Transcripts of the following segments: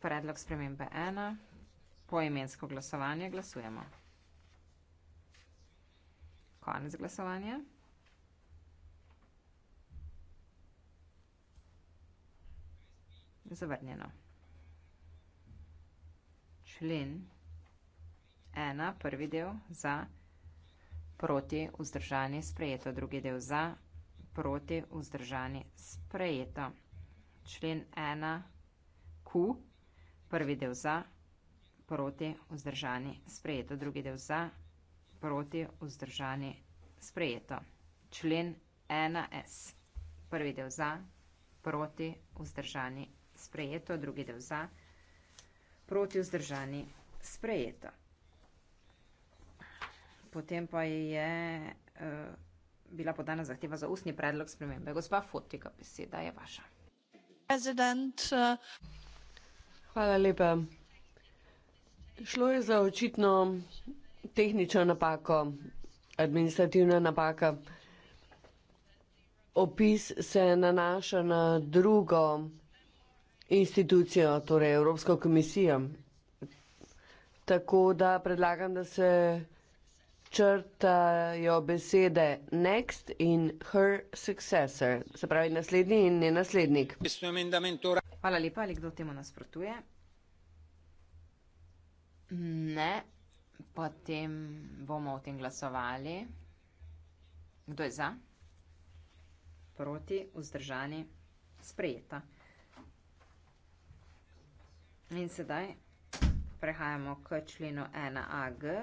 predlog spremembe ena. Poimensko glasovanje glasujemo. Konec glasovanja. Zavrnjeno. Člen ena, prvi del za, proti vzdržani sprejeto, drugi del za, proti vzdržani sprejeto. Člen ena, Q, Prvi del za, proti, vzdržani, sprejeto. Drugi del za, proti, vzdržani, sprejeto. Člen 1S. Prvi del za, proti, vzdržani, sprejeto. Drugi del za, proti, vzdržani, sprejeto. Potem pa je eh, bila podana zahteva za ustni predlog spremembe. Gospa Fotika, beseda je vaša. President, uh... Hvala lepa. Šlo je za očitno tehnično napako, administrativna napaka. Opis se nanaša na drugo institucijo, torej Evropsko komisijo. Tako da predlagam, da se črtajo besede next in her successor, se pravi naslednji in ne naslednik. Hvala lepa, ali kdo temu nasprotuje? Ne, potem bomo o tem glasovali. Kdo je za? Proti, vzdržani, sprejeta. In sedaj prehajamo k členu 1AG.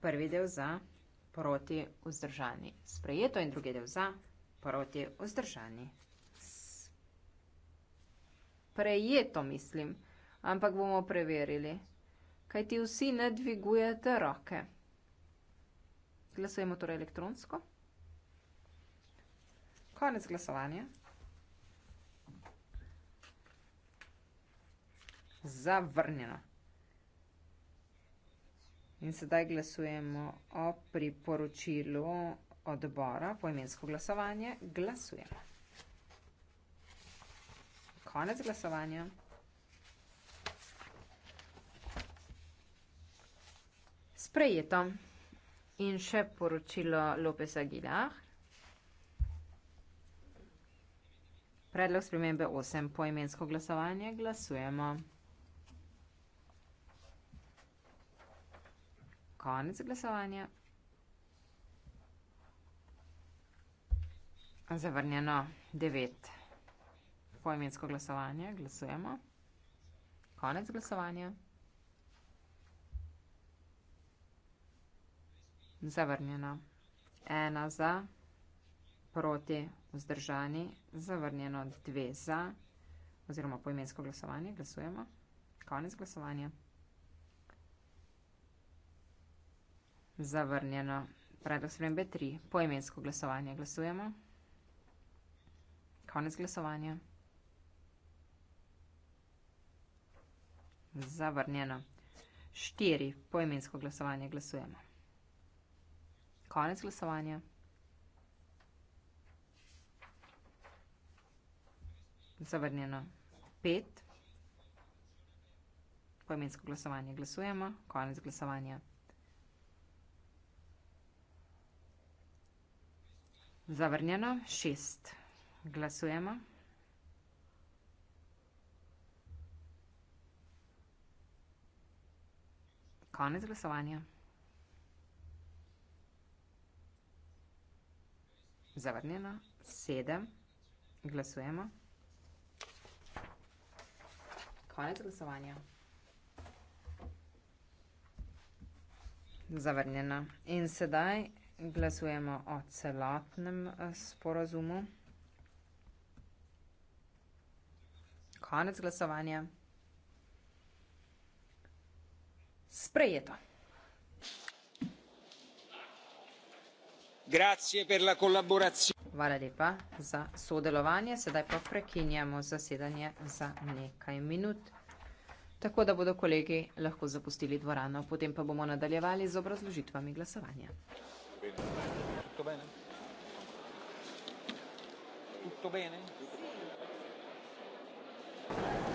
Prvi del za, proti, vzdržani, sprejeto in drugi del za, proti, vzdržani, prejeto, mislim, ampak bomo preverili, kaj ti vsi ne dvigujete roke. Glasujemo torej elektronsko. Konec glasovanja. Zavrnjeno. In sedaj glasujemo o priporočilu odbora, poimensko glasovanje. Glasujemo konec glasovanja. Sprejeto. In še poročilo Lopez Aguilar. Predlog spremembe 8. Poimensko glasovanje. Glasujemo. Konec glasovanja. Zavrnjeno 9 poimensko glasovanje, glasujemo. Konec glasovanja. Zavrnjeno. Ena za, proti, vzdržani, zavrnjeno dve za, oziroma poimensko glasovanje, glasujemo. Konec glasovanja. Zavrnjeno. Predlog spremembe 3. Poimensko glasovanje glasujemo. Konec glasovanja. Zavrnjeno. Štiri, poimensko glasovanje, glasujemo. Konec glasovanja. Zavrnjeno. Pet, poimensko glasovanje, glasujemo. Konec glasovanja. Zavrnjeno. Šest, glasujemo. konec glasovanja. Zavrnjeno, sedem, glasujemo. Konec glasovanja. Zavrnjeno. In sedaj glasujemo o celotnem eh, sporazumu. Konec glasovanja. sprejeto. Hvala lepa za sodelovanje. Sedaj pa prekinjamo zasedanje za nekaj minut, tako da bodo kolegi lahko zapustili dvorano. Potem pa bomo nadaljevali z obrazložitvami glasovanja. Tutto bene? Tutto bene? Tutto bene? Tutto bene?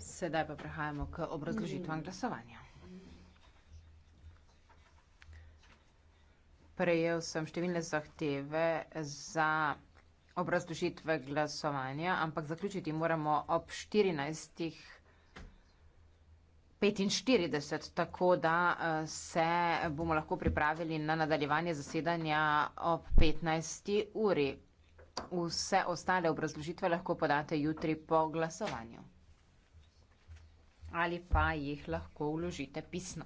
Sedaj pa prehajamo k obrazložitvam glasovanja. Prejel sem številne zahteve za obrazložitve glasovanja, ampak zaključiti moramo ob 14.45, tako da eh, se bomo lahko pripravili na nadaljevanje zasedanja ob 15. uri. Vse ostale obrazložitve lahko podate jutri po glasovanju. Ali pa jih lahko vložite pisno.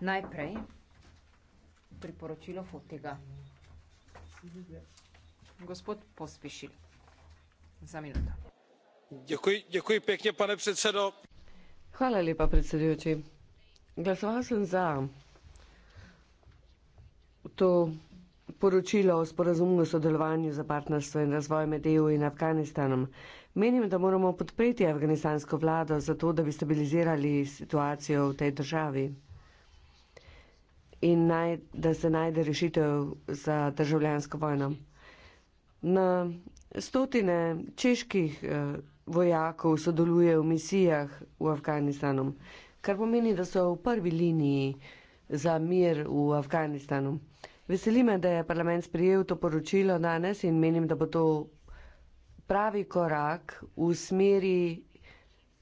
Najprej priporočilo fotega. Gospod Pospišil, za minuto. Děkuji, děkuji pekne, pane predsedo. Hvala lepa, predsedujoči. Glasoval sem za to poročilo o sporazumu o sodelovanju za partnerstvo in razvoj med EU in Afganistanom. Menim, da moramo podpreti afganistansko vlado za to, da bi stabilizirali situacijo v tej državi in naj, da se najde rešitev za državljansko vojno. Na stotine čeških eh, vojakov sodeluje v misijah v Afganistanu, kar pomeni, da so v prvi liniji za mir v Afganistanu. Veseli me, da je parlament sprejel to poročilo danes in menim, da bo to pravi korak v smeri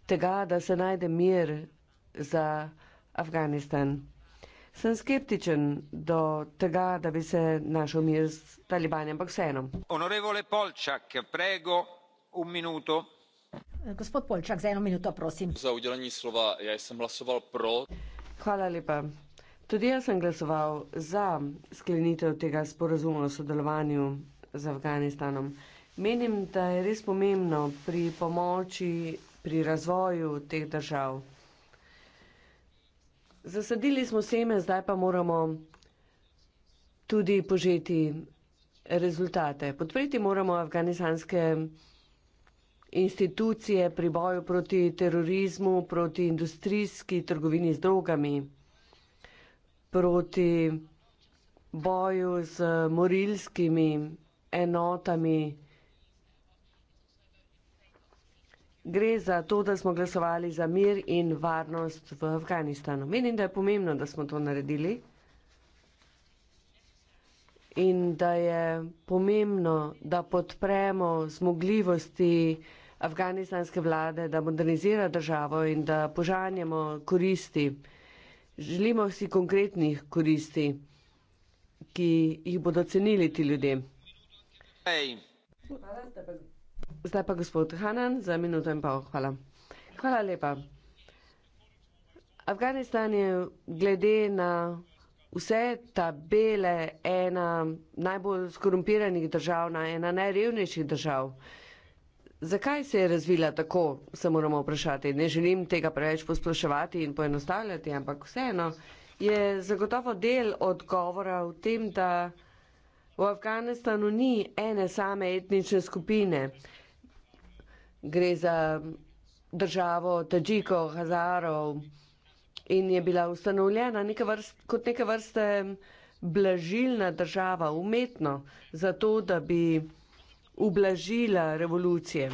tega, da se najde mir za Afganistan. Sem skeptičen do tega, da bi se našel mir s talibani, ampak vseeno. Honorevole Polčak, prego, un minuto. Gospod Polčak, za eno minuto, prosim. Za udelanje slova, jaz sem glasoval pro. Hvala lepa. Tudi jaz sem glasoval za sklenitev tega sporazuma o sodelovanju z Afganistanom. Menim, da je res pomembno pri pomoči pri razvoju teh držav. Zasadili smo seme, zdaj pa moramo tudi požeti rezultate. Podpreti moramo afganistanske institucije pri boju proti terorizmu, proti industrijski trgovini z drogami proti boju z morilskimi enotami. Gre za to, da smo glasovali za mir in varnost v Afganistanu. Menim, da je pomembno, da smo to naredili in da je pomembno, da podpremo zmogljivosti afganistanske vlade, da modernizira državo in da požanjamo koristi. Želimo si konkretnih koristi, ki jih bodo cenili ti ljudje. Hey. Zdaj pa gospod Hanan, za minuto in pol. Hvala. Hvala lepa. Afganistan je glede na vse tabele ena najbolj skorumpiranih držav, ena najrevnejših držav. Zakaj se je razvila tako, se moramo vprašati. Ne želim tega preveč posploševati in poenostavljati, ampak vseeno je zagotovo del odgovora v tem, da v Afganistanu ni ene same etnične skupine. Gre za državo Tadžikov, Hazarov in je bila ustanovljena neka vrst, kot neka vrste blažilna država umetno, zato da bi ublažila revolucije.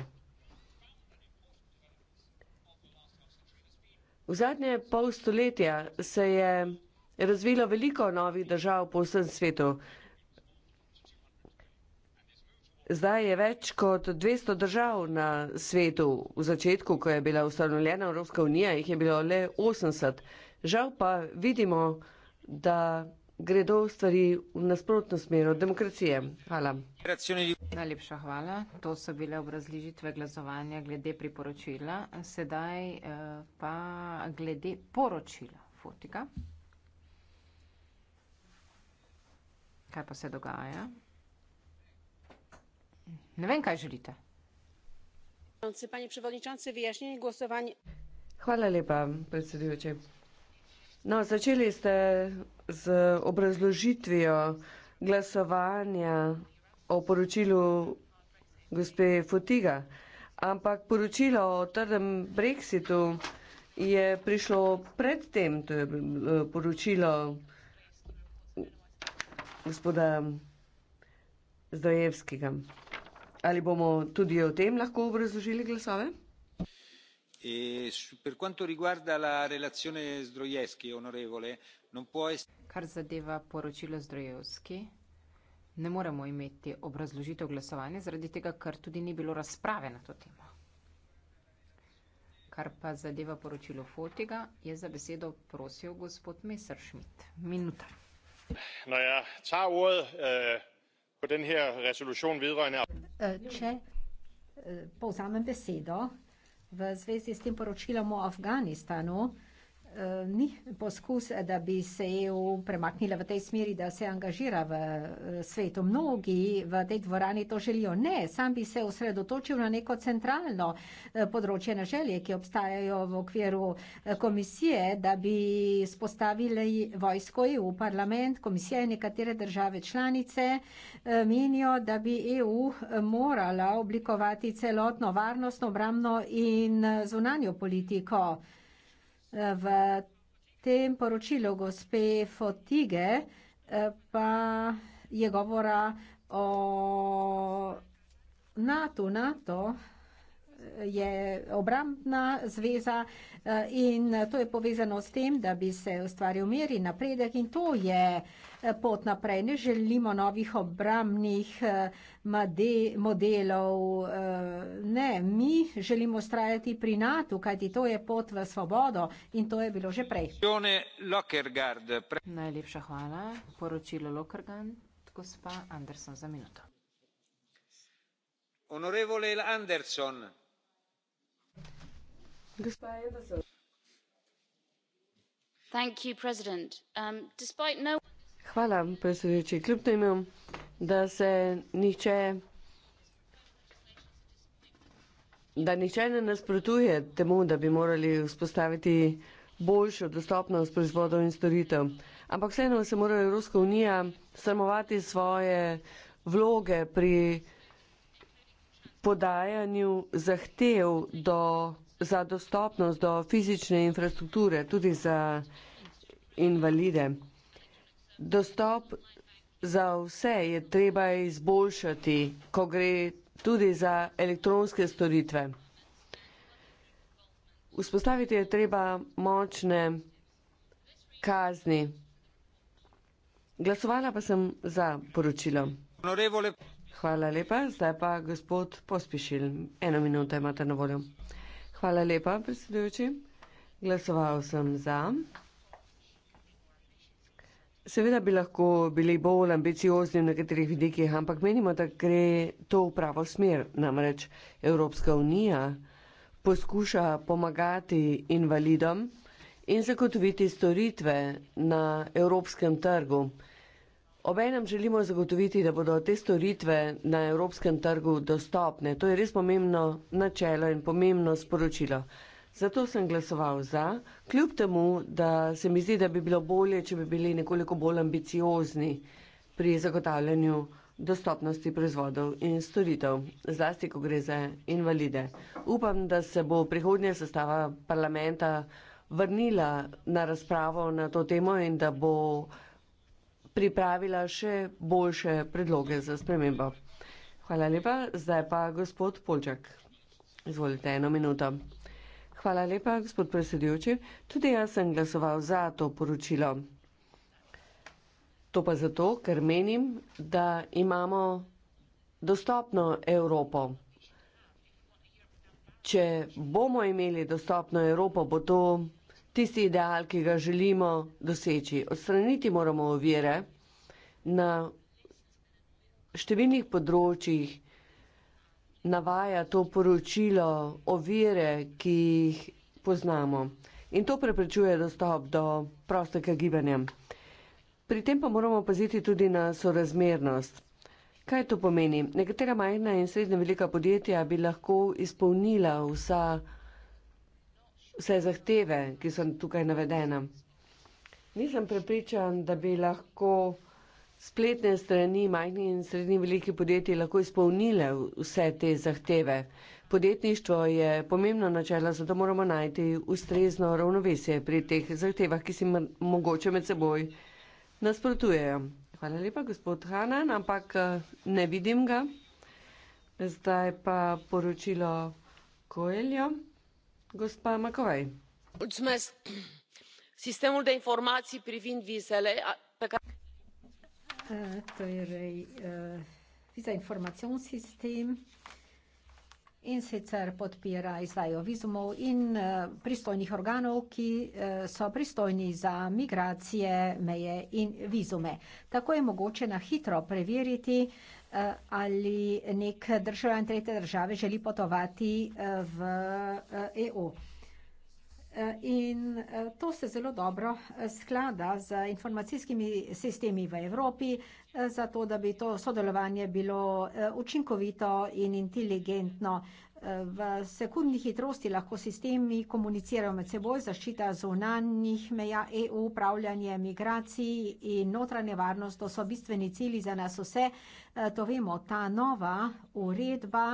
V zadnje pol stoletja se je razvilo veliko novih držav po vsem svetu. Zdaj je več kot 200 držav na svetu. V začetku, ko je bila ustanovljena Evropska unija, jih je bilo le 80. Žal pa vidimo, da gredo stvari v nasprotno smer od demokracije. Hvala. Najlepša hvala. To so bile obrazložitve glasovanja glede priporočila. Sedaj eh, pa glede poročila fotika. Kaj pa se dogaja? Ne vem, kaj želite. Hvala lepa, predsedujoče. No, začeli ste z obrazložitvijo glasovanja o poročilu gospe Fotiga. Ampak poročilo o trdem brexitu je prišlo predtem, to je eh, poročilo gospoda Zdajevskega. Ali bomo tudi o tem lahko obrazložili glasove? E, per quanto riguarda la relazione Zdrojevski, onorevole, Kar zadeva poročilo Zdrojevski, ne moremo imeti obrazložitev glasovanja, zaradi tega, ker tudi ni bilo razprave na to temo. Kar pa zadeva poročilo Fotiga, je za besedo prosil gospod Messerschmidt. Minuta. Øh, øh, če øh, povzamem besedo v zvezi s tem poročilom o Afganistanu, Eh, ni poskus, da bi se EU premaknila v tej smeri, da se angažira v eh, svetu. Mnogi v tej dvorani to želijo. Ne, sam bi se osredotočil na neko centralno eh, področje na želje, ki obstajajo v okviru komisije, da bi spostavili vojsko EU, parlament, komisija in nekatere države članice menijo, da bi EU morala oblikovati celotno varnostno, obramno in zunanjo politiko v tem poročilu gospe Fotige eh, pa je govora o NATO, NATO, je obrambna zveza eh, in to je povezano s tem, da bi se ustvaril mir in napredek in to je eh, pot naprej. Ne želimo novih obrambnih eh, modelov. Ne, mi želimo ustrajati pri NATO, kajti to je pot v svobodo in to je bilo že prej. Najlepša hvala. Poročilo Lokergan, gospa Anderson za minuto. Onorevole Anderson. Um, no- Hvala, predsedujoči. Kljub temu, da se nihče, da nihče ne nasprotuje temu, da bi morali vzpostaviti boljšo dostopnost proizvodov in storitev. Ampak vseeno se mora Evropska unija sramovati svoje vloge pri podajanju zahtev do za dostopnost do fizične infrastrukture, tudi za invalide. Dostop za vse je treba izboljšati, ko gre tudi za elektronske storitve. Vzpostaviti je treba močne kazni. Glasovala pa sem za poročilo. Hvala lepa, zdaj pa gospod Pospišil. Eno minuto imate na voljo. Hvala lepa, predsedujoči. Glasoval sem za. Seveda bi lahko bili bolj ambiciozni v nekaterih vidikih, ampak menimo, da gre to v pravo smer. Namreč Evropska unija poskuša pomagati invalidom in zagotoviti storitve na evropskem trgu. Obenem želimo zagotoviti, da bodo te storitve na evropskem trgu dostopne. To je res pomembno načelo in pomembno sporočilo. Zato sem glasoval za, kljub temu, da se mi zdi, da bi bilo bolje, če bi bili nekoliko bolj ambiciozni pri zagotavljanju dostopnosti proizvodov in storitev, zlasti, ko gre za invalide. Upam, da se bo prihodnja sestava parlamenta vrnila na razpravo na to temo in da bo pripravila še boljše predloge za spremembo. Hvala lepa, zdaj pa gospod Polčak. Izvolite eno minuto. Hvala lepa, gospod predsedujoči. Tudi jaz sem glasoval za to poročilo. To pa zato, ker menim, da imamo dostopno Evropo. Če bomo imeli dostopno Evropo, bo to tisti ideal, ki ga želimo doseči. Odstraniti moramo ovire na številnih področjih. Navaja to poročilo ovire, ki jih poznamo in to preprečuje dostop do prostega gibanja. Pri tem pa moramo paziti tudi na sorazmernost. Kaj to pomeni? Nekatera majhna in srednja velika podjetja bi lahko izpolnila vsa vse zahteve, ki so tukaj navedene. Nisem prepričan, da bi lahko spletne strani majhnih in srednjih velikih podjetij lahko izpolnile vse te zahteve. Podjetništvo je pomembno načelo, zato moramo najti ustrezno ravnovesje pri teh zahtevah, ki si mogoče med seboj nasprotujejo. Hvala lepa, gospod Hanan, ampak ne vidim ga. Zdaj pa poročilo Koeljo doamnă președintă sistemul de informații privind vizele pe care uh, visa informationssystem insitser på att begära i Sverige och visum och in uh, pristojnih organov ki uh, so pristojni za migracije, meje in vizume. Tako je mogoče na hitro preveriti uh, ali nek državljan tretje države želi potovati eh, v EU. Eh, e eh, in to se zelo dobro sklada z informacijskimi sistemi v Evropi, zato da bi to sodelovanje bilo učinkovito in inteligentno. V sekundni hitrosti lahko sistemi komunicirajo med seboj, zaščita zunanjih meja EU, upravljanje migracij in notranje varnost, to so bistveni cili za nas vse. Eh, to vemo, ta nova uredba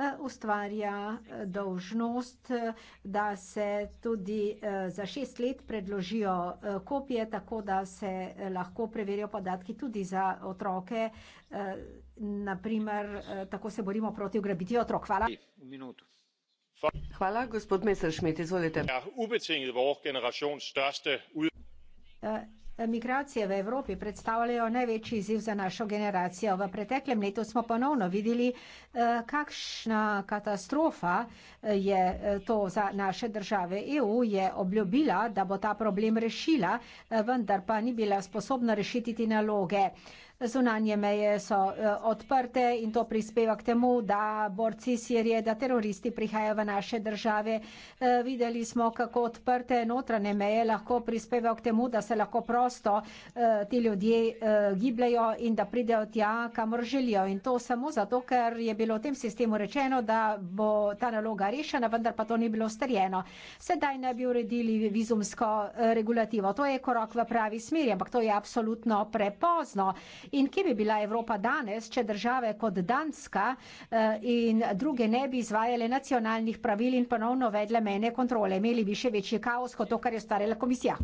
Eh, ustvarja eh, dolžnost, eh, da se tudi za šest let predložijo kopije, tako da se lahko preverijo podatki tudi za otroke, naprimer, tako se borimo proti ugrabiti otrok. Hvala. Hvala, gospod Messerschmidt, izvolite. Ja, Migracije v Evropi predstavljajo največji izziv za našo generacijo. V preteklem letu smo ponovno videli, eh, kakšna katastrofa eh, je eh, to za naše države. EU je obljubila, da bo ta problem rešila, vendar pa ni bila sposobna rešiti naloge. Zunanje meje so odprte in to prispeva k temu, da borci Sirije, da teroristi prihajajo v naše države. Videli smo, kako odprte notranje meje lahko prispeva k temu, da se lahko prosijo prosto eh, ti ljudje eh, gibljajo in da pridejo tja, kamor želijo. In to samo zato, ker je bilo v tem sistemu rečeno, da bo ta naloga rešena, vendar pa to ni bilo starjeno. Sedaj naj bi uredili vizumsko eh, regulativo. To je korak v pravi smeri, ampak to je absolutno prepozno. In kje bi bila Evropa danes, če države kot Danska eh, in druge ne bi izvajale nacionalnih pravil in ponovno vedle mene kontrole. Imeli bi še večji kaos kot to, kar je starela komisija.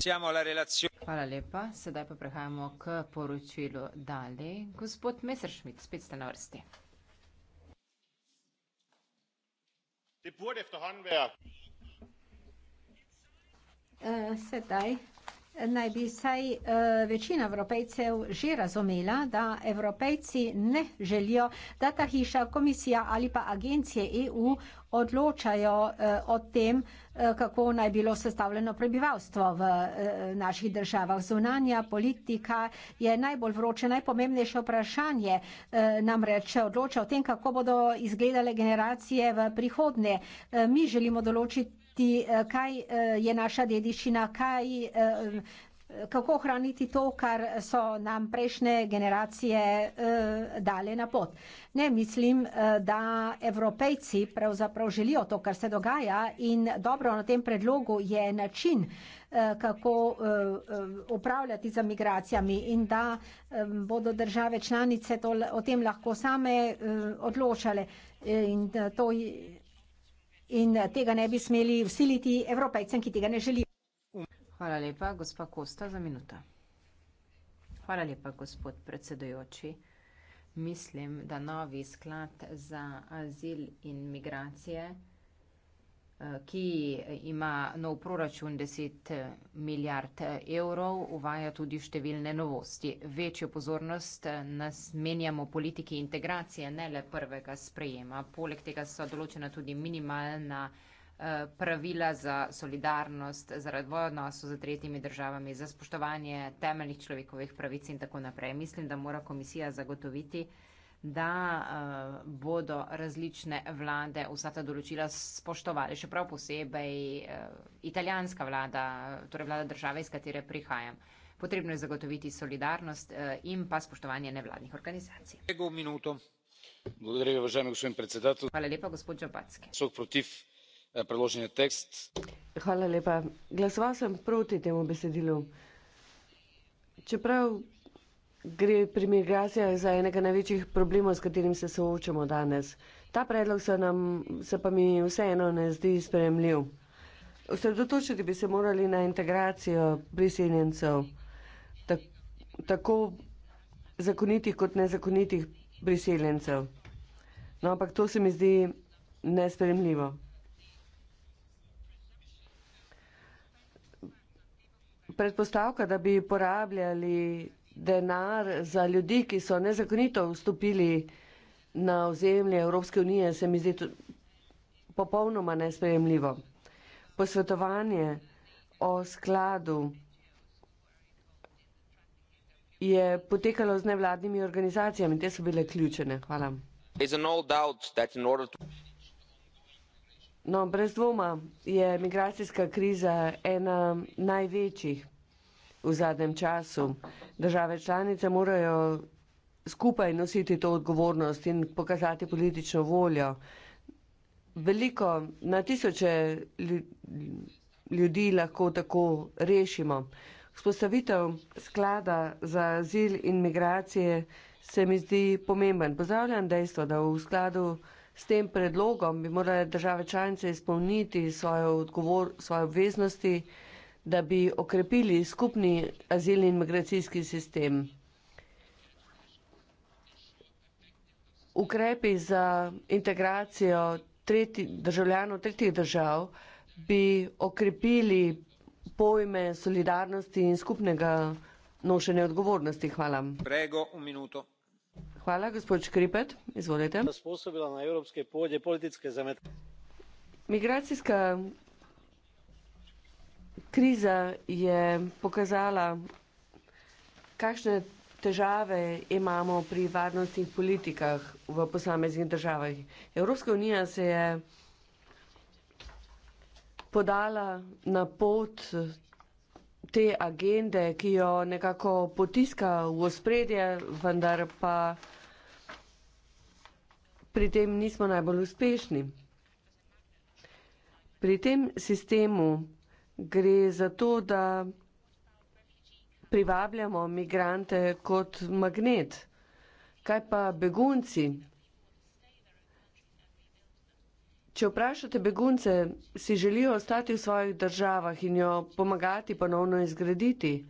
Hvala lepa lepa. Sedaj pa prehajamo k poročilu dalje. Gospod Messerschmidt, spet ste na vrsti. Eh, sedaj naj bi saj uh, eh, večina evropejcev že razumela, da evropejci ne želijo, da ta hiša, komisija ali pa agencije EU odločajo uh, o tem, uh, kako naj bilo sestavljeno prebivalstvo v uh, naših državah. Zunanja politika je najbolj vroče, najpomembnejše vprašanje uh, namreč odloča o tem, kako bodo izgledale generacije v prihodnje. Uh, mi želimo določiti ti, eh, kaj eh, je naša dediščina, kaj, eh, kako ohraniti to, kar so nam prejšnje generacije dale na pot. Ne mislim, da evropejci pravzaprav želijo to, kar se dogaja in dobro na tem predlogu je način, kako upravljati za migracijami in da bodo države članice to, o tem lahko same odločale. In to je, in tega ne bi smeli usiliti evropejcem, ki tega ne želijo. Hvala lepa, gospa Kosta, za minuto. Hvala lepa, gospod predsedojoči. Mislim, da novi sklad za azil in migracije ki ima nov proračun 10 eh, milijard eh, evrov, uvaja tudi številne novosti. Večjo pozornost eh, nas menjamo politiki integracije, ne le prvega sprejema. Poleg tega so določena tudi minimalna pravila za solidarnost, za razvoj odnosov z tretjimi državami, za spoštovanje temeljnih človekovih pravic in tako naprej. Mislim, da mora komisija zagotoviti, da uh, bodo različne vlade vsa ta določila spoštovali, še prav posebej uh, italijanska vlada, torej vlada države, iz katere prihajam. Potrebno je zagotoviti solidarnost uh, in pa spoštovanje nevladnih organizacij. Hvala lepa, gospod Džabacki. Preloženje tekst. Hvala lepa. Glasoval sem proti temu besedilu. Čeprav Gre pri migracijah za enega največjih problemov, s katerim se soočamo danes. Ta predlog se, nam, se pa mi vseeno ne zdi spremljiv. Osredotočiti bi se morali na integracijo priseljencev, tak, tako zakonitih kot nezakonitih priseljencev. No, ampak to se mi zdi nespremljivo. Predpostavka, da bi porabljali denar za ljudi, ki so nezakonito vstopili na ozemlje Evropske unije, se mi zdi popolnoma nesprejemljivo. Posvetovanje o skladu je potekalo z nevladnimi organizacijami, te so bile ključene. Hvala. No, no, brez dvoma je migracijska kriza ena največjih v zadnjem času. Države članice morajo skupaj nositi to odgovornost in pokazati politično voljo. Veliko, na tisoče ljudi lahko tako rešimo. Vzpostavitev sklada za azil in migracije se mi zdi pomemben. Pozdravljam dejstvo, da v skladu s tem predlogom bi morale države članice izpolniti svoje, odgovor, svoje obveznosti, da bi okrepili skupni azilni in migracijski sistem. Ukrepi za integracijo tretji, državljanov tretjih držav bi okrepili pojme solidarnosti in skupnega nošenja odgovornosti. Hvala. Prego, Hvala, gospod Škripet. Izvolite. Migracijska Kriza je pokazala, kakšne težave imamo pri varnostnih politikah v posameznih državah. Evropska unija se je podala na pot te agende, ki jo nekako potiska v ospredje, vendar pa pri tem nismo najbolj uspešni. Pri tem sistemu gre za to, da privabljamo migrante kot magnet. Kaj pa begunci? Če vprašate begunce, si želijo ostati v svojih državah in jo pomagati ponovno izgraditi.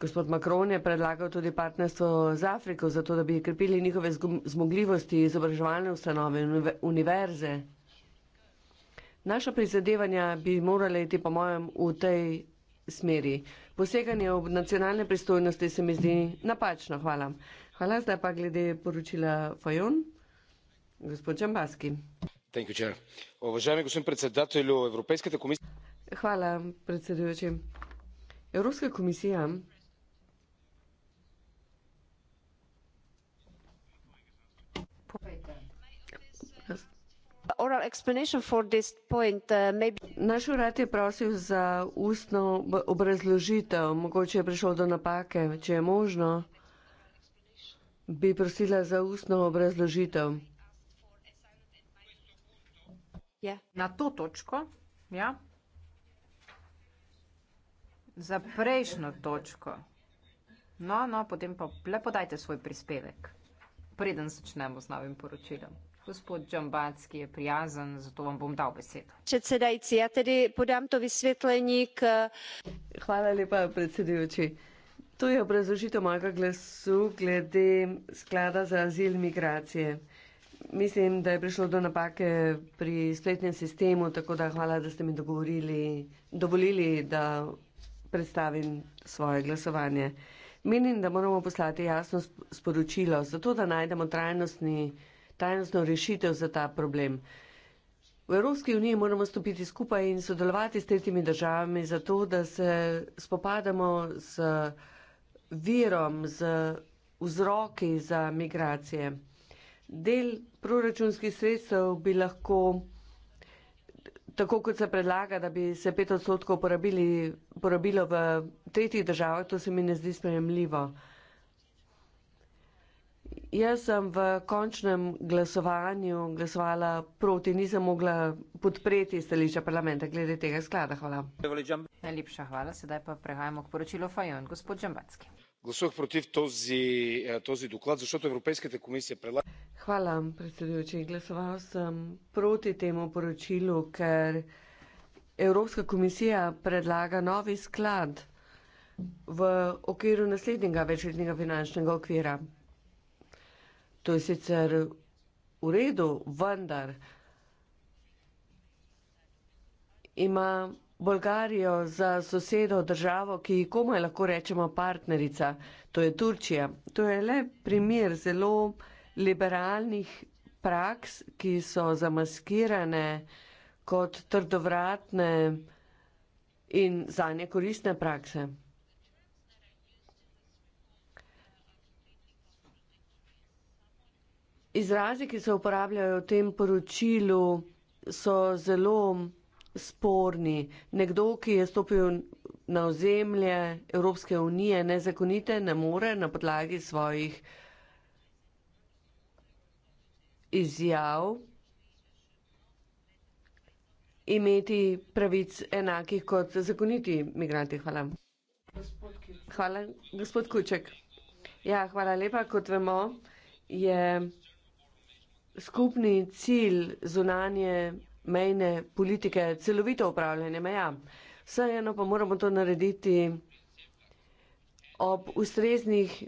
Gospod Macron je predlagal tudi partnerstvo z Afriko, zato da bi krepili njihove zmogljivosti izobraževalne ustanove in univerze. Naša prizadevanja bi morala iti, po mojem, v tej smeri. Poseganje v nacionalne pristojnosti se mi zdi napačno. Hvala. Hvala zdaj pa glede poročila Fajon, gospod Čambaski. Hvala, predsedujoči. Evropska komisija Povejte. Uh, naš urad je prosil za ustno obrazložitev mogoče je prišlo do napake če je možno bi prosila za ustno obrazložitev ja. na to točko ja za prejšnjo točko no no potem pa le podajte svoj prispevek preden začnemo z novim poročilom Gospod Džambacki je prijazen, zato vam bom dal besedo. Predsedajci, ja tedi podam to vysvetlenje k. Hvala lepa, predsedujoči. To je obrazložitev mojega glasu glede sklada za azil migracije. Mislim, da je prišlo do napake pri spletnem sistemu, tako da hvala, da ste mi dovolili, da predstavim svoje glasovanje. Menim, da moramo poslati jasno sporočilo, zato da najdemo trajnostni trajnostno rešitev za ta problem. V Evropski uniji moramo stopiti skupaj in sodelovati s tretjimi državami, zato da se spopadamo z virom, z vzroki za migracije. Del proračunskih sredstev bi lahko, tako kot se predlaga, da bi se pet odstotkov porabilo v tretjih državah, to se mi ne zdi sprejemljivo. Jaz sem v končnem glasovanju glasovala proti, nisem mogla podpreti stališča parlamenta glede tega sklada. Hvala. Najlepša hvala, sedaj pa prehajamo k poročilu Fajon. Gospod Džambacki. Glasujem proti tozi, eh, tozi doklad, zato to Evropejske te komisije predlagajo. Hvala, predsedujoči. Glasoval sem proti temu poročilu, ker Evropska komisija predlaga novi sklad v okviru naslednjega večletnega finančnega okvira. To je sicer v redu, vendar ima Bolgarijo za sosedo državo, ki komaj lahko rečemo partnerica, to je Turčija. To je le primer zelo liberalnih praks, ki so zamaskirane kot trdovratne in zanje koristne prakse. Izrazi, ki se uporabljajo v tem poročilu, so zelo sporni. Nekdo, ki je stopil na ozemlje Evropske unije nezakonite, ne more na podlagi svojih izjav imeti pravic enakih kot zakoniti migranti. Hvala. Hvala, gospod Kuček. Ja, hvala lepa. Kot vemo, je skupni cilj zunanje mejne politike, celovito upravljanje meja. Vseeno pa moramo to narediti ob,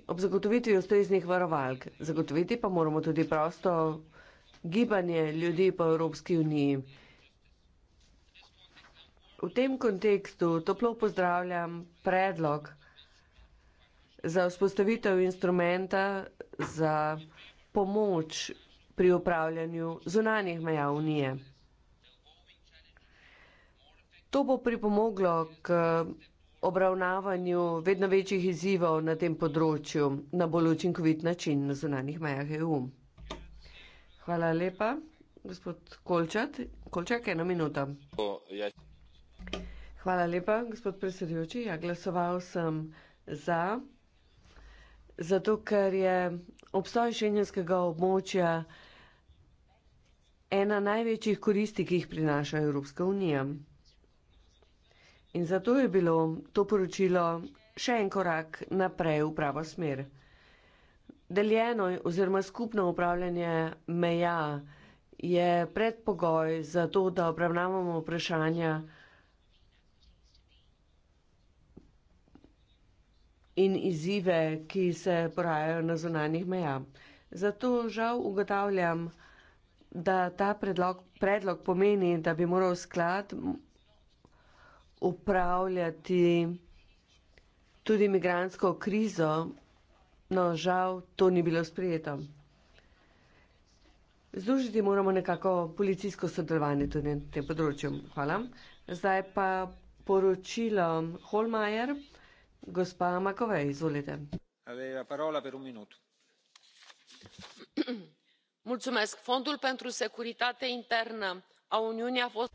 ob zagotovitvi ustreznih varovalk. Zagotoviti pa moramo tudi prosto gibanje ljudi po Evropski uniji. V tem kontekstu toplo pozdravljam predlog za vzpostavitev instrumenta za pomoč pri upravljanju zunanjih meja Unije. To bo pripomoglo k obravnavanju vedno večjih izzivov na tem področju na bolj učinkovit način na zunanjih mejah EU. Hvala lepa. Gospod Kolčat. Kolčak, ena minuta. Hvala lepa, gospod predsedujoči. Ja, glasoval sem za, zato ker je obstoj šengenskega območja ena največjih koristi, ki jih prinaša Evropska unija. In zato je bilo to poročilo še en korak naprej v pravo smer. Deljeno oziroma skupno upravljanje meja je predpogoj za to, da obravnavamo vprašanja in izzive, ki se porajajo na zunanjih meja. Zato žal ugotavljam, da ta predlog, predlog pomeni, da bi moral sklad upravljati tudi migransko krizo, no žal to ni bilo sprejeto. Združiti moramo nekako policijsko sodelovanje tudi na tem področju. Hvala. Zdaj pa poročilo Holmajer, gospa Makovej, izvolite. Aveva parola per un minuto domnule președinte fondul pentru securitate internă al uniunii a fost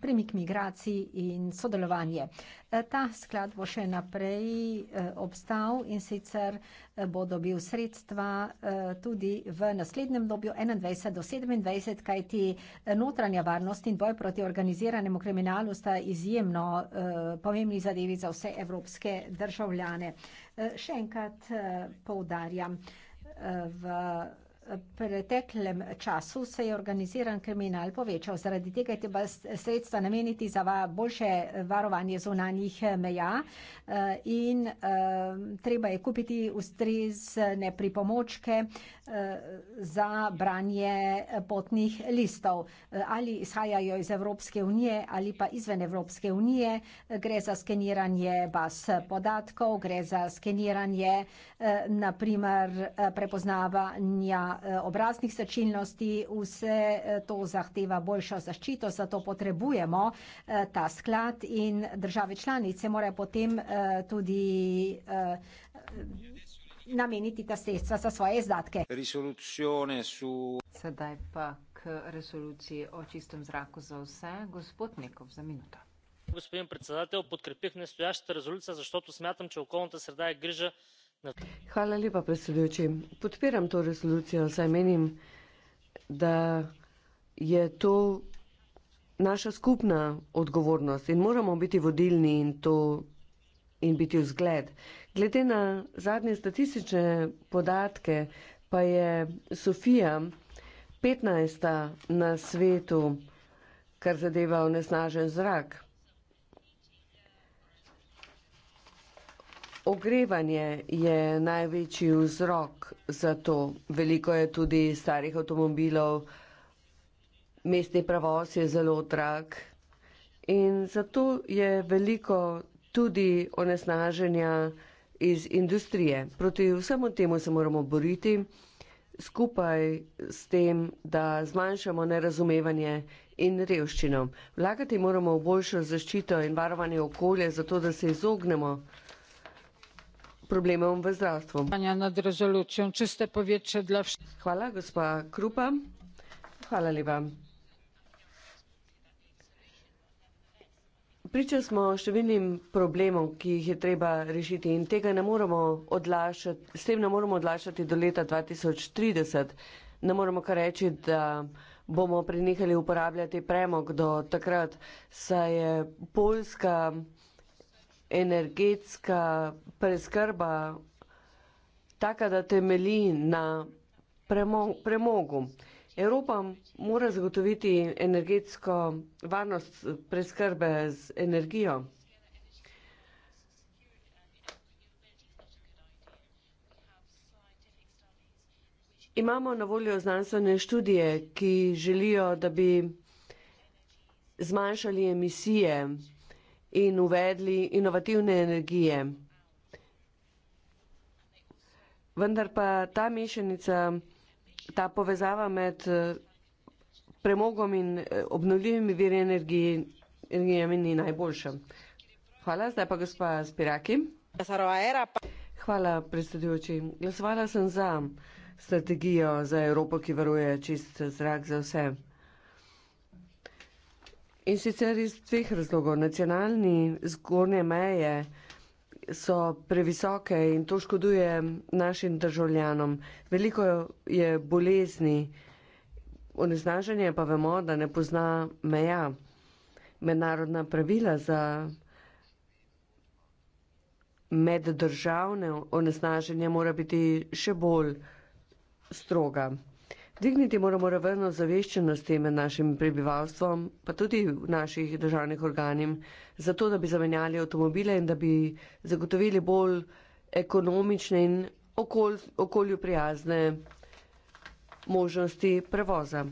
premik migracij in sodelovanje. E, ta sklad bo še naprej e, obstal in sicer e, bo dobil sredstva tudi v naslednjem dobju 21 do 27, kajti notranja varnost in boj proti organiziranemu kriminalu sta izjemno pomembni zadevi za vse evropske državljane. Še enkrat poudarjam v preteklem času se je organiziran kriminal povečal. Zaradi tega je treba sredstva nameniti za boljše varovanje zunanjih eh, meja eh, in eh, treba je kupiti ustrezne pripomočke za branje potnih listov. Ali izhajajo iz Evropske unije ali pa izven Evropske unije, gre za skeniranje baz podatkov, gre za skeniranje naprimer prepoznavanja Eh, obraznih sečilnosti, vse eh, to zahteva boljšo zaščito, zato potrebujemo eh, ta sklad in države članice morajo potem tudi nameniti ta sredstva za svoje izdatke. Sedaj pa k resoluciji o čistem zraku za vse. Gospod Nekov, za minuto. Gospod predsedatelj, podkrepih nestojašta resolucija, zato smatram, da okoljna sreda je grža Hvala lepa, predsedujoči. Podpiram to rezolucijo, saj menim, da je to naša skupna odgovornost in moramo biti vodilni in to in biti vzgled. Glede na zadnje statistične podatke pa je Sofija 15. na svetu, kar zadeva onesnažen zrak. Ogrevanje je največji vzrok za to. Veliko je tudi starih avtomobilov, mestni pravos je zelo drag in zato je veliko tudi onesnaženja iz industrije. Proti vsemu temu se moramo boriti skupaj s tem, da zmanjšamo nerazumevanje in revščino. Vlagati moramo v boljšo zaščito in varovanje okolja, zato da se izognemo problemom v zdravstvu. priča smo številnim problemom ki jih je treba rešiti in tega ne moremo odlašati s tem ne moremo odlašati do leta dva tisoč trideset ne moremo kar reči da bomo prenehali uporabljati premog do takrat saj je poljska energetska preskrba taka, da temeli na premogu. Evropa mora zagotoviti energetsko varnost preskrbe z energijo. Imamo na voljo znanstvene študije, ki želijo, da bi zmanjšali emisije energije in uvedli inovativne energije. Vendar pa ta mešanica, ta povezava med eh, premogom in eh, obnovljivimi viri energije, energijami ni najboljša. Hvala, zdaj pa gospa Spiraki. Hvala, predsedujoči. Glasovala sem za strategijo za Evropo, ki varuje čist zrak za vse. In sicer iz dveh razlogov. Nacionalni zgornje meje so previsoke in to škoduje našim državljanom. Veliko je bolezni, oneznaženje pa vemo, da ne pozna meja. Mednarodna pravila za meddržavne oneznaženje mora biti še bolj stroga. Dvigniti moramo raven ozaveščenosti med našim prebivalstvom, pa tudi naših državnih organim, zato da bi zamenjali avtomobile in da bi zagotovili bolj ekonomične in okol, okolju prijazne možnosti prevoza.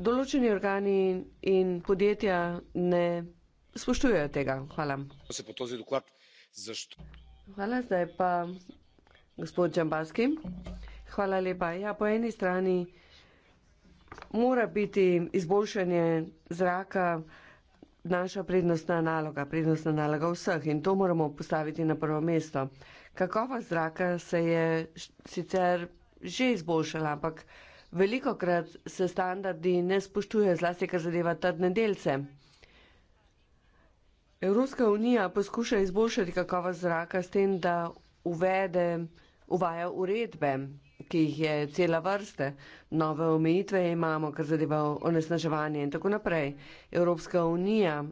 Določeni organi in podjetja ne spoštujejo tega. Hvala. Hvala, zdaj pa gospod Džambaski. Hvala lepa. Ja, po eni strani mora biti izboljšanje zraka naša prednostna naloga, prednostna naloga vseh in to moramo postaviti na prvo mesto. Kakova zraka se je sicer že izboljšala, ampak veliko krat se standardi ne spoštuje, zlasti kar zadeva trdne delce. Evropska unija poskuša izboljšati kakovost zraka s tem, da uvede, uvaja uredbe, ki jih je cela vrste, nove omejitve imamo, kar zadeva onesnaževanje in tako naprej. Evropska unija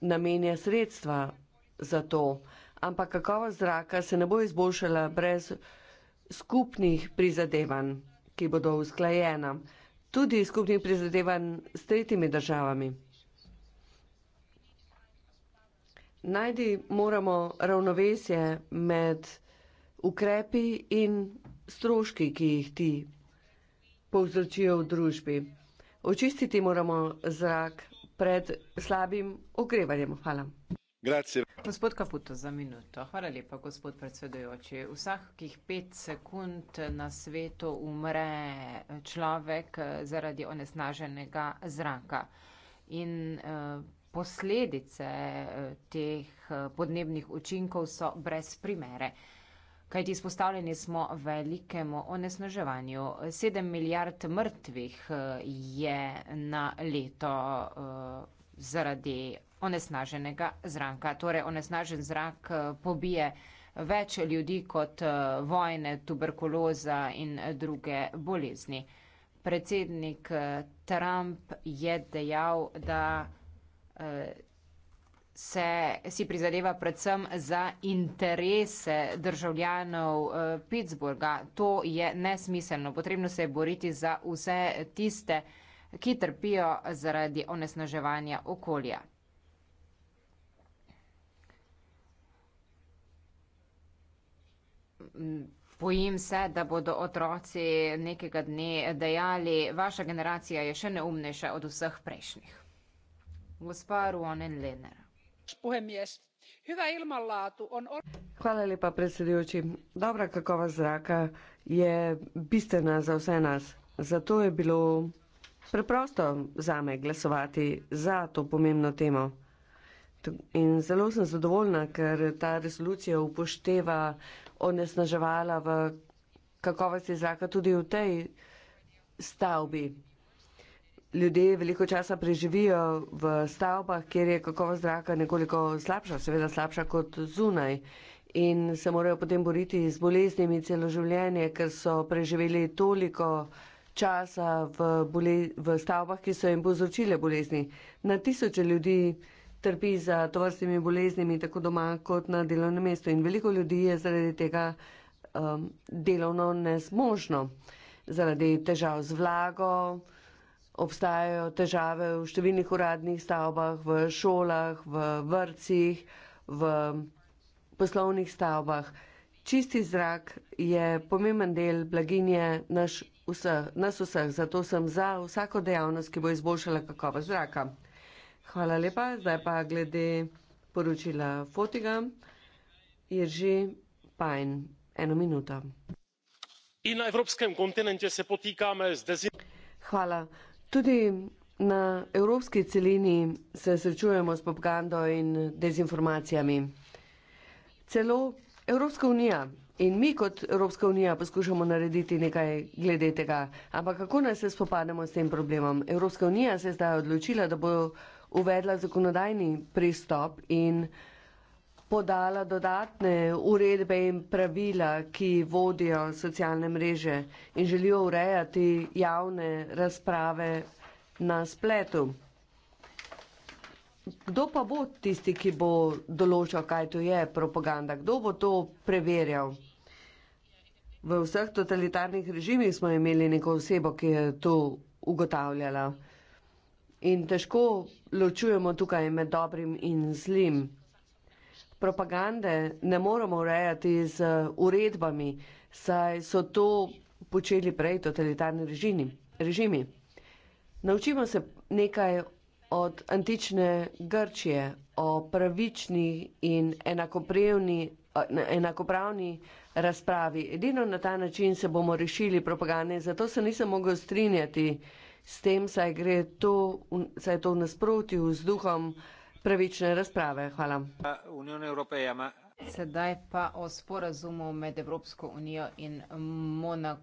namenja sredstva za to, ampak kakovost zraka se ne bo izboljšala brez skupnih prizadevanj, ki bodo usklajena, tudi skupnih prizadevanj s tretjimi državami. Najdi moramo ravnovesje med ukrepi in stroški, ki jih ti povzročijo v družbi. Očistiti moramo zrak pred slabim ogrevanjem. Hvala. Grazie. Gospod Kaputo, za minuto. Hvala lepa, gospod predsedujoči. Vsakih pet sekund na svetu umre človek zaradi onesnaženega zraka. In eh, posledice eh, teh eh, podnebnih učinkov so brez primere kajti izpostavljeni smo velikemu onesnaževanju. 7 milijard mrtvih eh, je na leto eh, zaradi onesnaženega zraka. Torej, onesnažen zrak eh, pobije več ljudi kot vojne, tuberkuloza in druge bolezni. Predsednik Trump je dejal, da se, si prizadeva predvsem za interese državljanov eh, Pittsburgha. To je nesmiselno. Potrebno se je boriti za vse tiste, ki trpijo zaradi onesnaževanja okolja. Bojim se, da bodo otroci nekega dne dejali, vaša generacija je še neumnejša od vseh prejšnjih. Gospa Ruonen Lenera. Hvala lepa, predsedujoči. Dobra kakovost zraka je bistvena za vse nas. Zato je bilo preprosto za me glasovati za to pomembno temo. In zelo sem zadovoljna, ker ta resolucija upošteva onesnaževala v kakovosti zraka tudi v tej stavbi ljudje veliko časa preživijo v stavbah, kjer je kakovost zraka nekoliko slabša, seveda slabša kot zunaj in se morajo potem boriti z boleznimi celo življenje, ker so preživeli toliko časa v, v stavbah, ki so jim povzročile bolezni. Na tisoče ljudi trpi za tovrstnimi boleznimi tako doma kot na delovnem mestu in veliko ljudi je zaradi tega um, delovno nesmožno, zaradi težav z vlago, obstajajo težave v številnih uradnih stavbah, v šolah, v vrcih, v poslovnih stavbah. Čisti zrak je pomemben del blaginje naš vse, nas vseh, zato sem za vsako dejavnost, ki bo izboljšala kakovo zraka. Hvala lepa, zdaj pa glede poročila Fotiga, Jerži Pajn, eno minuto. In na evropskem kontinentu se potikame z dezinformacijami. Hvala. Tudi na evropski celini se srečujemo s propagando in dezinformacijami. Celo Evropska unija in mi kot Evropska unija poskušamo narediti nekaj glede tega. Ampak kako naj se spopademo s tem problemom? Evropska unija se je zdaj odločila, da bo uvedla zakonodajni pristop in podala dodatne uredbe in pravila, ki vodijo socialne mreže in želijo urejati javne razprave na spletu. Kdo pa bo tisti, ki bo določal, kaj to je propaganda? Kdo bo to preverjal? V vseh totalitarnih režimih smo imeli neko osebo, ki je to ugotavljala. In težko ločujemo tukaj med dobrim in slim propagande ne moremo urejati z eh, uredbami, saj so to počeli prej totalitarni režimi. režimi. Naučimo se nekaj od antične Grčije o pravični in enakopravni, eh, enakopravni razpravi. Edino na ta način se bomo rešili propagande, zato se nisem mogel strinjati s tem, saj, to, saj je to v nasprotju z duhom pravične razprave. Hvala. Sedaj pa o sporazumu med Evropsko unijo in Monako.